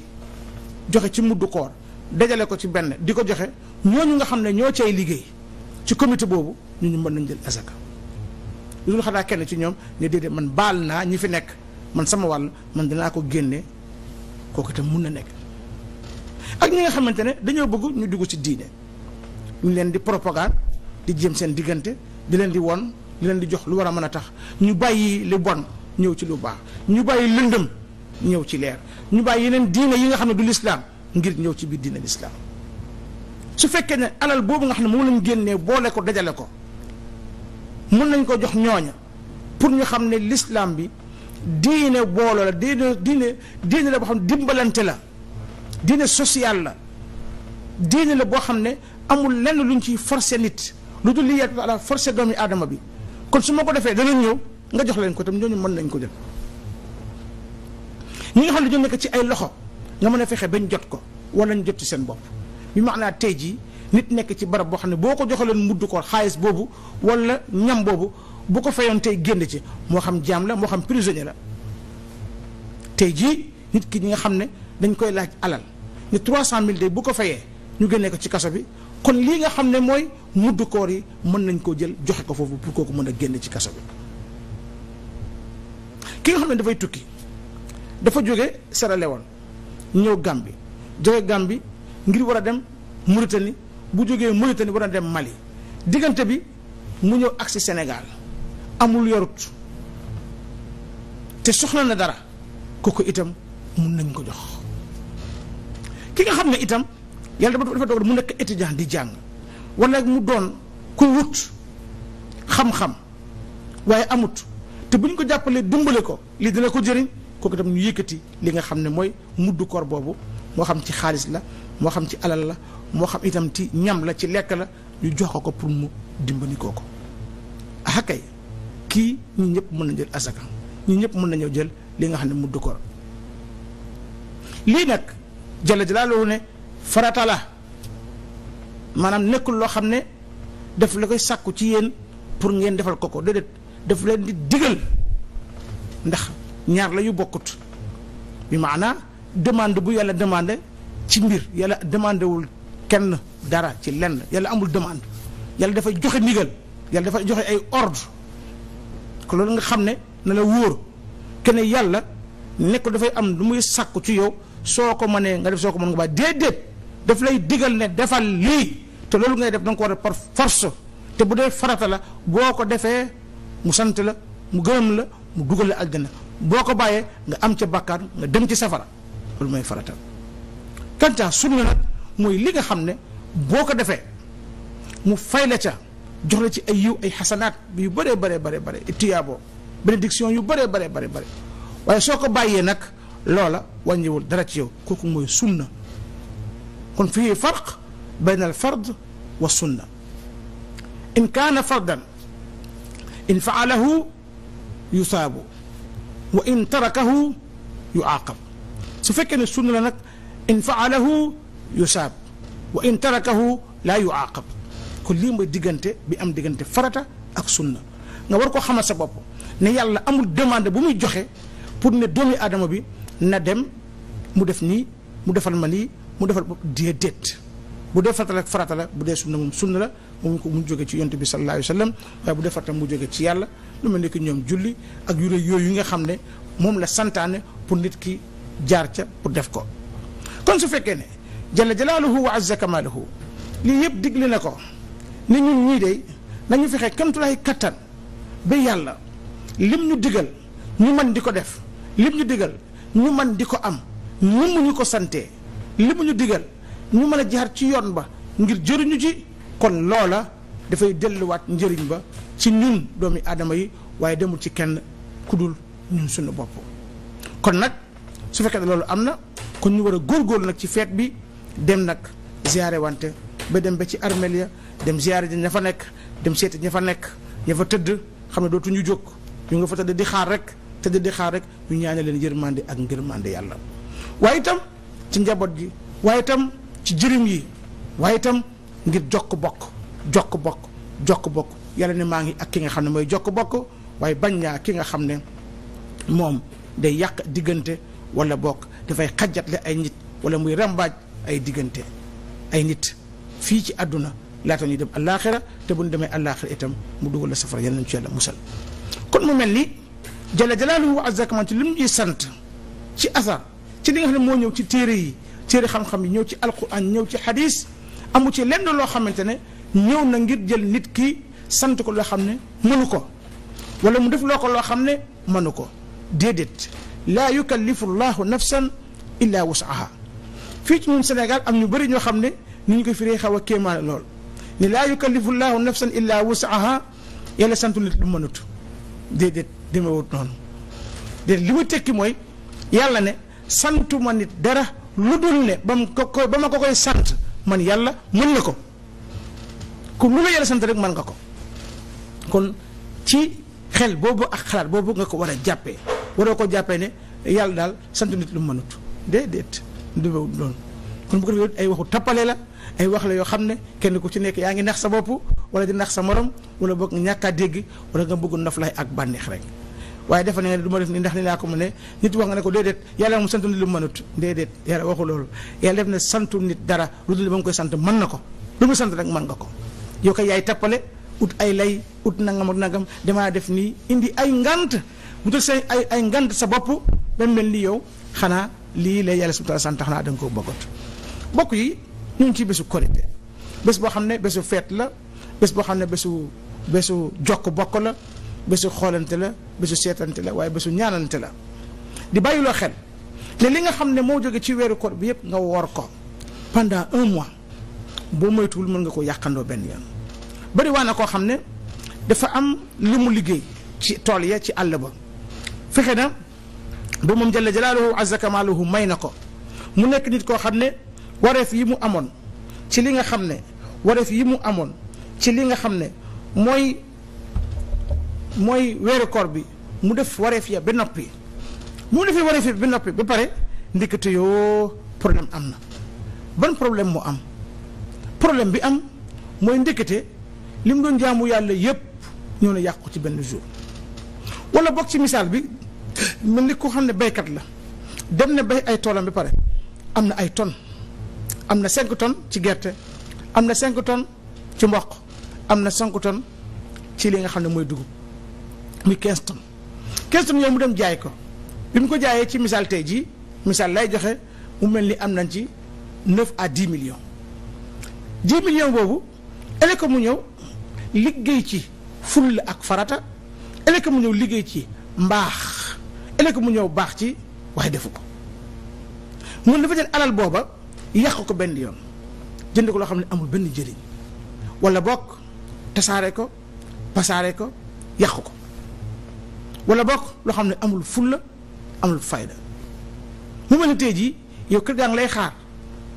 joxe ci mudd koor dajale ko ci benn di ko joxe ñooñu nga xam ne ñoo cay liggéey ci comité boobu ñu ñu mën nañ jël asaka lu dul xanaa kenn ci ñoom ne déedéet man baal naa ñi fi nekk man sama wàll man danaa ko génne kooku itam mun na nekk ak ñi nga xamante ne dañoo bëgg ñu dugg ci diine ñu leen di propagande di jéem seen diggante di leen di won di leen di jox lu war a mën a tax ñu bàyyi lu bon ñëw ci lu baax ñu bàyyi lëndëm ñëw ci leer ñu bàyyi yeneen diine yi nga xam ne du lislaam ngir ñëw ci biir diine lislaam su fekkee ne alal boobu nga xam ne moom lañ génnee boole ko dajale ko mën nañ ko jox ñooña pour ñu xam ne lislaam bi diine boolo la diine diine diine la boo xam ne dimbalante la diine sociale la diine la boo xam ne amul lenn luñ ciy forcer nit lu dul li yàlla daal forcer doomi aadama bi kon su ma ko defee dana ñëw nga jox leen ko tam ñooñu mën nañ ko jël ñi xam ne ñoo nekk ci ay loxo nga mën a fexe bañ jot ko wala ñu jot ci seen bopp bi maanaa tey jii nit nekk ci barab boo xam ne boo ko joxaleen mudd ko xaalis boobu wala ñam boobu bu ko fayoon tey génn ci moo xam jaam la moo xam prisonnier la tey jii nit ki ñi nga xam ne dañ koy laaj alal ne 300000 day bu ko fayee ñu génnee ko ci kaso bi kon lii nga xam ne mooy mudd koor yi mën nañ koo jël joxe ko foofu pour ko mën a génn ci kaso bi ki nga xam ne dafay tukki dafa jóge Sierra Leone ñëw Gambie jóge Gambie ngir war a dem Mauritanie bu jógee Mauritanie war a dem Mali diggante bi mu ñëw agsi senegaal amul yorut te soxla na dara kooku itam mun nañ ko jox ki nga xam ne itam yàlla dama dafa dogal mu nekk étudiant di jàng wala mu doon ku wut xam-xam waaye amut te bu ñu ko jàppalee dimbale ko li dina ko jëriñ kooku itam ñu yëkkati li nga xam ne mooy muddu koor boobu moo xam ci xaalis la moo xam ci alal la moo xam itam ci ñam la ci lekk la ñu jox ko ko pour mu dimbali koo ko ah kay kii ñi ñëpp mën na jël asaka ñi ñëpp mën nañoo jël li nga xam ne mudd koor lii nag jalla jalaaluhu ne farata maanaam nekkul loo xam ne daf la koy sàkku ci yéen pour ngeen defal ko ko déedéet daf leen di digal ndax ñaar la yu bokkut bi maanaa demande bu yàlla demandé ci mbir yàlla demandé wul kenn dara ci lenn yàlla amul demande yàlla dafay joxe ndigal yàlla dafay joxe ay orde ko loolu nga xam ne na la wóor kenn yàlla nekk dafay am lu muy sàkku ci yow soo ko nee nga def soo ko mën nga bàyyi déedéet daf lay digal ne defal lii te loolu ngay def da nga ko war a par force te bu dee farata la boo ko defee mu sant la mu gërëm la mu dugal la àjjana boo ko bàyyee nga am ca bàkkaar nga dem ci safara loolu mooy farata kantaa sunna nag mooy li nga xam ne boo ko defee mu fay la ca jox la ci ay yiw ay xasanaat yu bëree bare bare bare tiyaaboo bénédiction yu bëree bare bare bare waaye soo ko bàyyee nag loola wàññiwul dara ci yow kooku mooy na kon fi farq bayn al fard wa sunna in kaana fardan in faalahu yusaabu wa in tarakahu yuaaqab su fekkee ne sunna la nag in faalahu yusaab wa in tarakahu laa yuaaqab kon lii mooy diggante bi am diggante farata ak sunna nga war ko xamal sa bopp ne yàlla amul demande bu muy joxe pour ne doomi aadama bi na dem mu def nii mu defal ma nii mu defal bopp déedéet bu dee farata la farata la bu dee sunna moom sunna la moom ko mu jóge ci yonent bi sallallahu alayhi wa waaye bu dee farata mu jóge ci yàlla lu mel ni que ñoom julli ak yure rëy yooyu nga xam ne moom la santaane pour nit ki jaar ca pour def ko kon su fekkee ne jalla jalaaluhu wa azza kamaaluhu lii yëpp digle na ko ni ñun ñii de nañu fexe kamtulaay kattan ba yàlla lim ñu digal ñu man di ko def lim ñu digal ñu man di ko am ñu mu ñu ko santee li mu ñu digal ñu mën a jaar ci yoon ba ngir jëriñu ci kon loola dafay delluwaat njëriñ ba ci ñun doomi aadama yi waaye demul ci kenn ku dul ñun suñu bopp kon nag su fekkee ne loolu am na kon ñu war a góor nag ci feet bi dem nag ziyaare wante ba dem ba ci armeel ya dem ziyaare ji ña fa nekk dem seeti ña fa nekk ña fa tëdd xam ne dootuñu jóg ñu nga fa tëdd di xaar rek tëdd di xaar rek ñu ñaane leen yërmande ak ngërmande yàlla waaye itam ci njaboot gi waaye itam ci jërim yi waaye itam ngir jokk bokk jokk bokk jokk bokk yàlla ne maa ngi ak ki nga xam ne mooy jokk bokk waaye bañ naa ki nga xam ne moom day yàq diggante wala bokk dafay xajjatle ay nit wala muy rambaaj ay diggante ay nit fii ci àdduna laata ñuy dem àllaaxira te bu ñu demee àllaaxira itam mu dugal la safara yal nañu ci yàlla musal kon mu mel ni jalla jalaaluhu wa azza kamal ci li mu ñuy sant ci asar ci li nga xam ne moo ñëw ci téere yi téere xam-xam yi ñëw ci alquran ñëw ci hadis amu ci lenn loo xamante ne ñëw na ngir jël nit ki sant ko loo xam ne mënu ko wala mu def loo ko loo xam ne mënu ko déedéet laa yukallifu llahu nafsan illa wusaha fii ci ñun Sénégal am ñu bëri ñoo xam ne ni ko firee xaw a kéemaane lool laa yukallifu llahu nafsan illa wusaha yàlla santu nit lu mënut déedéet demewut noonu déedéet li mu tekki mooy yàlla ne santuma nit dara lu dul ne ba mu ko koy ba ma ko koy sant man yàlla mën na ko ku lu la yàlla sant rek man nga ko kon ci xel boobu ak xalaat boobu nga ko war a jàppee waroo ko jàppee ne yàlla daal sant nit lu mu mënut déedéet du doon kon bu ko defee ay waxu tappale la ay wax la yoo xam ne kenn ku ci nekk yaa ngi nax sa bopp wala di nax sa morom wala boog nga ñàkk a dégg wala nga bëgg noflaay ak bànneex rek. waaye defa ne nga du ma def ni ndax ni laa ko mu ne nit wax nga ne ko déedéet yàlla mu santu nit lu mu mënut déedéet yàlla waxu loolu yàlla def nit dara lu dul ba nga koy sant man na ko lu mu sant rek man nga ko yow kay yaay tappale ut ay lay ut nangam ak nangam damaa def nii indi ay ngant bu dul say ay ay ngant sa bopp ba mel ni yow xanaa lii lay yàlla subhaanahu wa sant xanaa da nga koo bëggoon mbokk yi ñu ngi ci bésu korité bés boo xam ne bésu feet la bés boo xam ne bésu bésu jokk bokk la bésu xoolante bésu seetante la waaye bésu ñaanante la di bàyyiloo xel ne li nga xam ne moo jóge ci weeru koor bi yëpp nga woor ko pendant un boo moytuwul mën nga ko yàqandoo benn yoon bari na koo xam ne dafa am lu mu liggéey ci tool ya ci àll ba fexe na ba moom jalla jalaaluhu azza kamaaluhu may na ko mu nekk nit koo xam ne wareef yi mu amoon ci li nga xam ne wareef yi mu amoon ci li nga xam ne mooy mooy weeru koor bi mu def wareef ya ba noppi mu mu defee wareef ya ba noppi ba pare ndikate yoo problème am na ban problème mu am problème bi am mooy ndikate li mu doon jaamu yàlla yépp ñoo ne yàqu ci benn jour wala bokk ci misaal bi mel ni ko xam ne baykat la dem na béy ay toolam bi pare am na ay tonnes am na cinq tonnes ci gerte am na cinq tonnes ci mboq am na cinq tonnes ci li nga xam ne mooy dugub muy 15 tonnes 15 mu dem jaay ko bi mu ko jaayee ci misaal tey ji misaal lay joxe mu mel ni am nañ ci 9 à di millions 10 millions boobu ele mu ñëw liggéey ci fulla ak farata ele mu ñëw liggéey ci mbaax eleko mu ñëw baax ci waaye defu ko mun dafa jël alal booba yàq ko benn yoon jënd ko loo xam ne amul benn njëriñ wala bokk tasaare ko pasaare ko yàq ko wala bokk loo xam ne amul fulla amul fayda mu mel ni tey jii yow kër gaa ngi lay xaar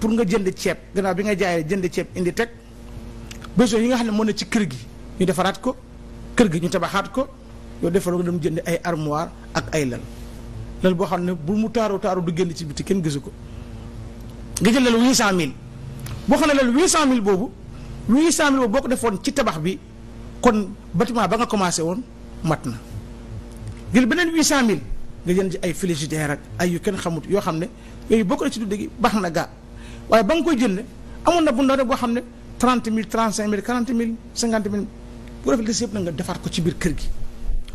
pour nga jënd ceeb gannaaw bi nga jaayee jënd ceeb indi teg besoin yi nga xam ne mën na ci kër gi ñu defaraat ko kër gi ñu tabaxaat ko yow defaroo nga dem jënd ay armoire ak ay lal lal boo xam ne bu mu taaroo taaru du génn ci biti kenn gisu ko nga jël lal 800000 boo xam ne lal 800000 boobu 800000 boobu boo ko defoon ci tabax bi kon bâtiment ba nga commencé woon mat na. jël beneen 800000 nga jënd ci ay frigidaire ak ay yu kenn xamut yoo xam ne bokk na baax na gaa waaye ba koy jënd amoon na bu ndaw boo xam ne 30000 35000 40000 50000 bu rafetlu si yëpp na nga defaat ko ci biir kër gi.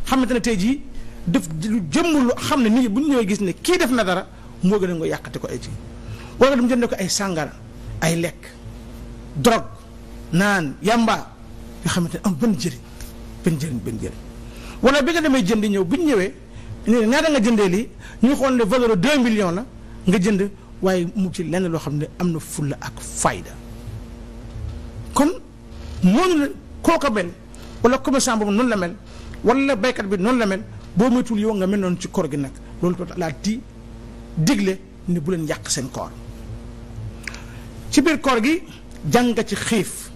xamante ne tey jii def lu jëmm lu xam ne nit ñi bu ñu ñëwee gis ne kii def na dara moo gën a nga yàqate ko ay ci wala dem jënd ko ay sàngara ay lekk drogue naan yamba yoo xamante ne am benn jëriñ benn jëriñ benn jëriñ. wala bi nga demee jënd ñëw bi ñu ñëwee ñu ñaata nga jëndee lii ñuy xool ne valeur 2 millions la nga jënd waaye mu ci lenn loo xam ne am na fulla ak fayda kon noonu la kooka mel wala commerçant boobu noonu la mel wala baykat bi noonu la mel boo moytuwul yow nga mel noonu ci koor gi nag loolu tax laa di digle ni bu leen yàq seen koor ci biir koor gi jàng nga ci xiif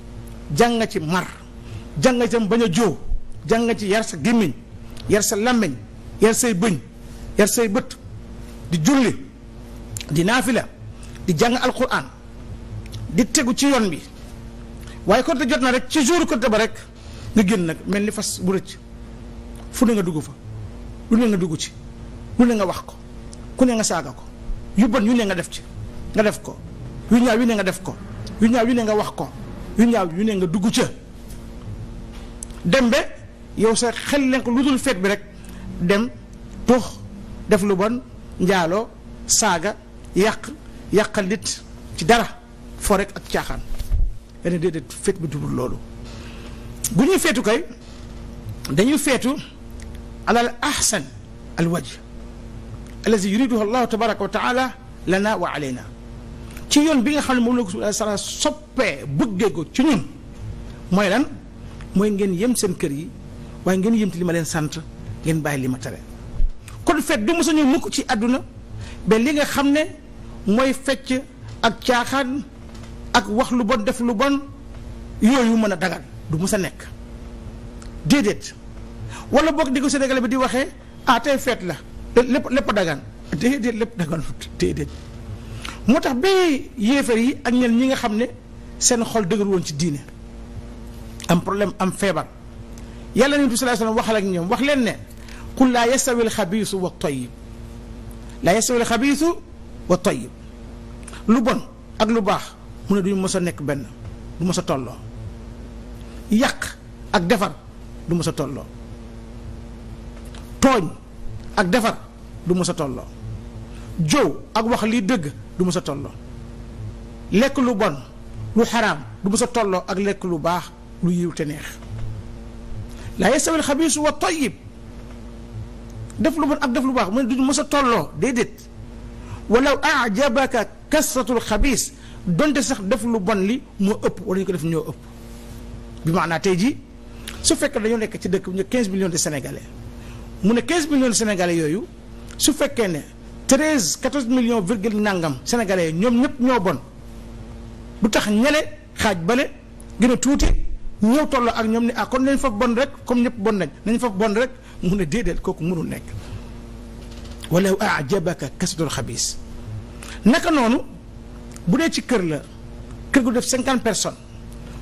jàng nga ci mar jàng nga ci bañ a joo jàng nga ci yar sa gémmiñ yar sa làmmiñ yar say bëñ yar say bët di julli di naafila di jàng alquran di tegu ci yoon bi waaye côté jot na rek ci jour côté ba rek nga génn nag mel ni fas bu rëcc fu ne nga dugg fa lu ne nga dugg ci lu ne nga wax ko ku ne nga saaga ko yu bët yu ne nga def ci nga def ko yu ñaaw yu ne nga def ko yu ñaaw ne nga wax ko yu ñaaw yu ne nga dugg ca dem yow sa xel leen ko lu dul feet bi rek dem tux def lu bon njaaloo saaga yàq yàqal nit ci dara fo rek ak caaxaan ene déedéet feet bi dubul loolu bu ñuy feetu kay dañuy feetu alal ahsan al wajh allazi yuriduhu allahu tabaraka wa taala lana wa alayna ci yoon bi nga xam ne moom la ko sa wa taala soppee bëggee ko ci ñun mooy lan mooy ngeen yem seen kër yi waaye ngeen yëm ci li ma leen sant ngeen bàyyi li ma tere kon fet du mos a mukk ci àdduna ba li nga xam ne mooy fecc ak caaxaan ak wax lu bon def lu bon yooyu mën a dagal du mos a nekk déedéet wala boog di ko Sénégal bi di waxee ah tey feet la lépp lépp dagan déedéet lépp daganut déedéet moo tax ba yéefar yi ak ñen ñi nga xam ne seen xol dëgër woon ci diine am problème am feebar yàlla nabi sallallahu alayhi wasallam waxal ak ñoom wax leen ne qul laa yastawi alxabiisu wa tayyib laa yastawi alxabiisu wa tayyib lu bon ak lu baax mu ne duñu mës a nekk benn du mës a tolloo yàq ak defar du mës a tolloo tooñ ak defar du mës a tolloo jow ak wax lii dëgg du mës a tolloo lekk lu bon lu xaraam du mës sa tolloo ak lekk lu baax lu yiw te neex laa yastawi alxabiisu wa tayyib def lu bon ak def lu baax mu ne duñu mës a tolloo déedéet walaw ajabaka kasratul xabiis donte sax def lu bon li moo ëpp wala ñu ko def ñoo ëpp bi naa tey jii su fekkee dañoo nekk ci dëkk bu ñu 15 millions de sénégalais mu ne 15 millions de sénégalais yooyu su fekkee ne 13 14 millions virgule nàngam sénégalais yi ñoom ñëpp ñoo bon du tax ñele xaaj bale gën a tuuti ñëw tolloo ak ñoom ni ah kon nañ fa bon rek comme ñëpp bon nañ nañ fa bon rek mu ne déedéet kooku mënul nekk walaw ajabaka kasratul xabiis naka noonu bu dee ci kër la kër gu def cinquante personnes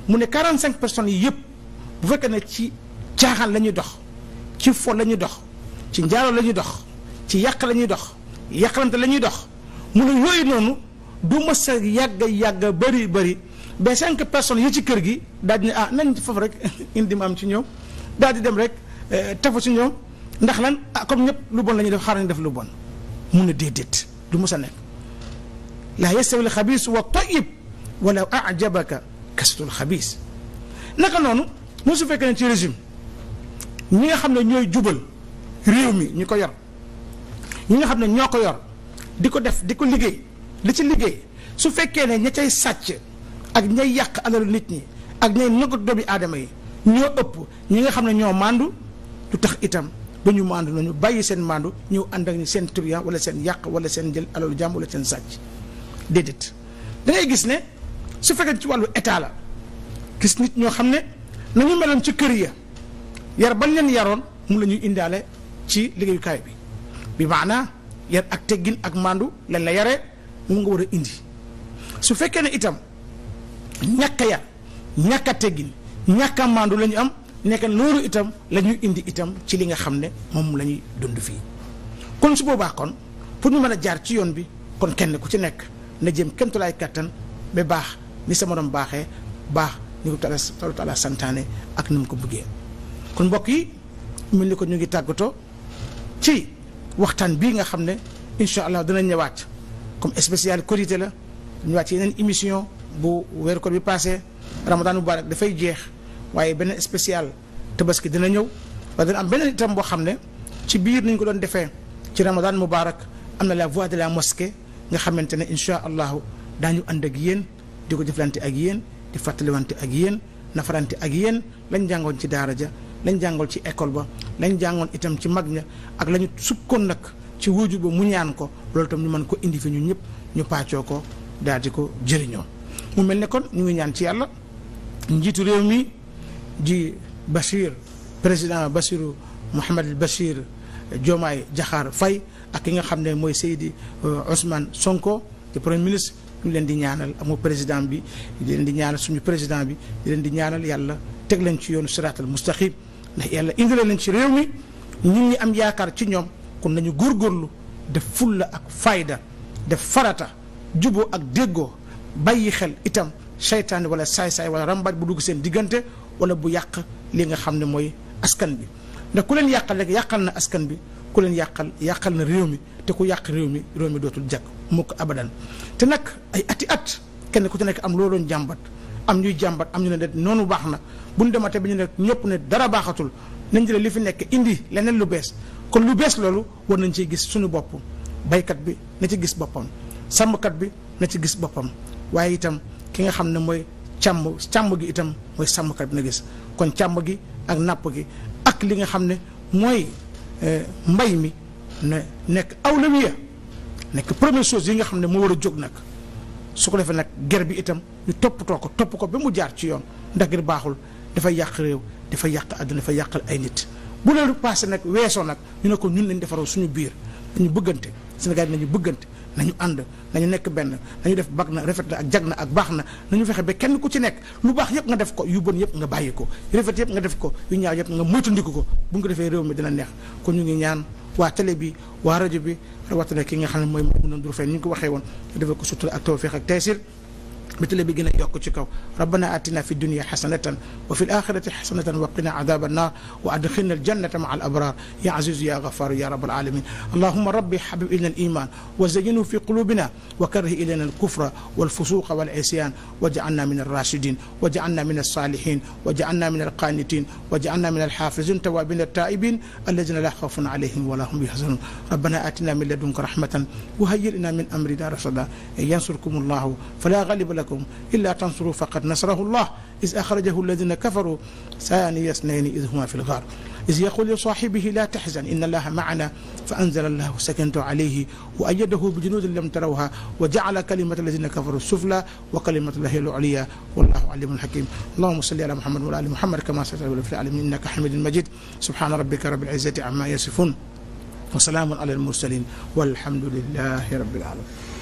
mu ne quarante cinq personnes yi yëpp bu fekkee ne ci caaxaan la ñuy dox ci fo la ñuy dox ci njaalo lañuy dox ci yàq la ñuy dox yàqalante la ñuy dox mu ne yooyu noonu du mës a yàgg yàgg bëri bëri ba cinq personnes yi ci kër gi daal di ne ah nañ foofu rek indi ma am ci ñoom daal di dem rek eh, tafu ci ñoom ndax lan ah comme ñëpp lu bon la ñuy def xaar ñu def lu bon mun na déedéet du mos a nekk laa yastawi al xabiis wa tayyib walaw ajabaka kasratul xabiis naka noonu moo su fekkee ne ci régime ñi nga xam ne ñooy jubal réew mi ñu ko yor ñu nga xam ne ñoo ko yor di ko def di ko liggéey li ci liggéey su fekkee ne ña cay sàcc ak ñay yàq alalu nit ñi ak ñay nangu doomi aadama yi ñoo ëpp ñi nga xam ne ñoo màndu lu tax itam ba ñu màndu nañu bàyyi seen màndu ñëw ànd ak seen turiyan wala seen yàq wala seen jël alalu jàmm wala seen sàcc déedéet da ngay gis ne su fekkee ci wàllu état la gis nit ñoo xam ne nañu meloon ci kër ya yar ban leen yaroon mu la ñuy indaale ci liggéeyukaay bi bi maanaa yar ak teggin ak màndu lañ la yare mu nga war a indi su fekkee ne itam ñàkk a yar ñàkk a teggin lañu am nekk loolu itam la ñuy indi itam ci li nga xam ne moom la ñuy dund fii kon su boobaa kon pour ñu mën a jaar ci yoon bi kon kenn ku ci nekk na jëm kémtulaay kattan ba baax ni sa morom baaxee baax ni ko taala santaane ak ni mu ko buggee kon mbokk yi mel ni ko ñu ngi tàggatoo ci waxtaan bii nga xam ne incha allah dana ñëwaat comme spécial korité la ñu waat ci yeneen émission bu weeru koor bi passé ramadan mubarak dafay jeex waaye beneen spécial tabaski dana ñëw waaye dina am beneen itam boo xam ne ci biir nañ ko doon defee ci ramadan mubarak am na la voix de la mosquée nga xamante ne incha allahu daañu ànd ak yéen di ko jëflante ak yéen di fàttaliwante ak yéen nafarante ak yéen lañ jàngoon ci daara ja lañ jàngoon ci école ba lañ jàngoon itam ci mag ña ak lañu ñu sukkoon nag ci wuuju ba mu ñaan ko loolu tam ñu mën ko indi fi ñëpp ñu pàccoo ko daal di ko jëriñoo mu mel ne kon ñu ngi ñaan ci yàlla njiitu réew mi ji Bachir président Bachiru Mouhamed Bachir Diomaye Diakhar fay ak ki nga xam ne mooy Seydi euh, Ousmane Sonko di premier ministre ñu leen di ñaanal amoo président bi di leen di ñaanal suñu président bi leen di ñaanal yàlla teg leen ci yoonu siraatal mustaqim ndax yàlla indi leen ci réew mi ñun ngi am yaakaar ci ñoom kon nañu góor góorlu def fulla ak fayda def farata juboo ak déggoo bàyyi xel itam seytaane wala saay-saay wala rambaaj bu dugg seen diggante wala bu yàq li nga xam ne mooy askan bi ndax ku leen yàqal rek yàqal na askan bi ku leen yàqal yàqal na réew mi te ku yàq réew mi réew mi dootul jag mukk abadan te nag ay ati at kenn ku ci nekk am loo doon jàmbat am ñuy jàmbat am ñu ne det noonu baax na bu ñu dematee bi ñu nekk ñëpp ne dara baaxatul nañ jëlee li fi nekk indi leneen lu bees kon lu bees loolu war nañ ciy gis suñu bopp baykat bi na ci gis boppam sàmmkat bi na ci gis boppam waaye itam ki nga xam ne mooy càmm càmb gi itam mooy sàmmkat bi na gis kon càmm gi ak napp gi ak li nga xam ne mooy eh, mbay mi ne nekk awlawiya nekk première chose yi nga xam ne moo war a jóg nag su ko defee nag ger bi itam ñu toppatoo ko topp ko ba mu jaar ci yoon ndax ngir baaxul dafay yàq réew dafay yàq àdduna dafay yàqal ay nit bu loolu passé nag weesoo nag ñu ne ko ñun lañ defaroo suñu biir dañu bëggante Sénégal nañu bëggante nañu ànd nañu nekk benn nañu def bag na rafet na ak jag na ak baax na nañu fexe ba kenn ku ci nekk lu baax yëpp nga def ko yu bon yëpp nga bàyyi ko yu rafet yëpp nga def ko yu ñaaw yëpp nga moytandiku ko bu ñu ko defee réew mi dina neex kon ñu ngi ñaan waa télé bi waa rajo bi rawatina ki nga xam ne mooy Maimouna Ndour Faye ni ñu ko waxee woon defal ko sutura ak tawfeex ak taysir métale bi gën a yokk ci kaw rabbana atina fi dunia xasanatan wa fi l axirati xasanatan wa qina adaba annar wa adxilna aljannata maa al abrar ya azizu ya gafaru ya rabbal alamin allahuma rabbi xabib ilna al iman wa zayinu fi qulubina wa karrih ilayna al kufra wal fusuqa wal isyan wa jaalna min alrachidin wa jaalna min alsalihin wa jaalna min alqanitin wa jaalna min alxafizin tawabin altaibin alladina la xawfun alayhim wala hum yahzanun rabbana atina min ladunka rahmatan wa hayyi lana min amrina rashada yansurkum allahu fala galiba qablakum illaa tansuru faqad nasarahu llah is axrajahu alladina kafaru saani yasnayni id huma fi lgaar is yaqul li saaxibihi laa taxzan inna allaha maana fa anzala allahu sakinatahu alayhi wa ayadahu bi junudin lam tarawha wa jacala kalimata alladina kafaru sufla wa kalimatu llahi al ulya wallahu alimun hakim allahuma salli ala muhammad wa ali muhammad kama sallayta fil alamin innaka hamidun majid subhana rabbika rabbil izzati amma yasifun wa salaamun ala al mursalin walhamdulillahi rabbil alamin